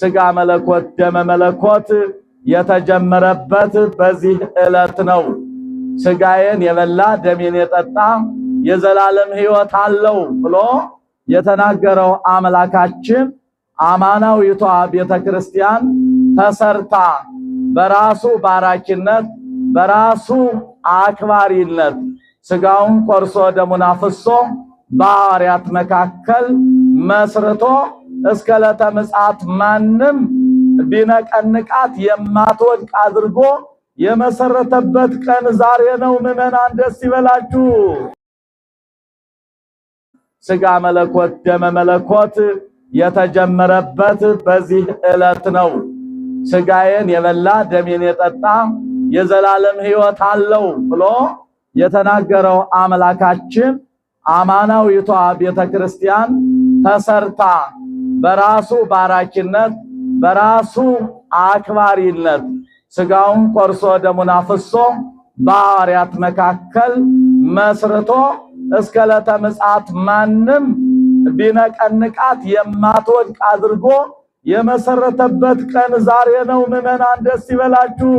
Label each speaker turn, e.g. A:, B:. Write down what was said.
A: ስጋ መለኮት ደመ መለኮት የተጀመረበት በዚህ ዕለት ነው። ስጋዬን የበላ ደሜን የጠጣ የዘላለም ሕይወት አለው ብሎ የተናገረው አምላካችን አማናዊቷ ቤተክርስቲያን ተሰርታ በራሱ ባራኪነት በራሱ አክባሪነት ስጋውን ቆርሶ ደሙን አፍሶ በሐዋርያት መካከል መስርቶ እስከ ዕለተ ምጽአት ማንም ቢነቀንቃት የማትወድቅ አድርጎ የመሰረተበት ቀን ዛሬ ነው። ምዕመናን ደስ ይበላችሁ። ስጋ መለኮት ደመ መለኮት የተጀመረበት በዚህ ዕለት ነው። ስጋዬን የበላ ደሜን የጠጣ የዘላለም ሕይወት አለው ብሎ የተናገረው አምላካችን አማናዊቷ ቤተክርስቲያን ተሰርታ በራሱ ባራኪነት በራሱ አክባሪነት ስጋውን ቆርሶ ደሙን አፍሶ በሐዋርያት መካከል መስርቶ እስከ ዕለተ ምጽአት ማንም ቢነቀንቃት የማትወድቅ አድርጎ የመሰረተበት ቀን ዛሬ ነው። ምዕመናን ደስ ይበላችሁ።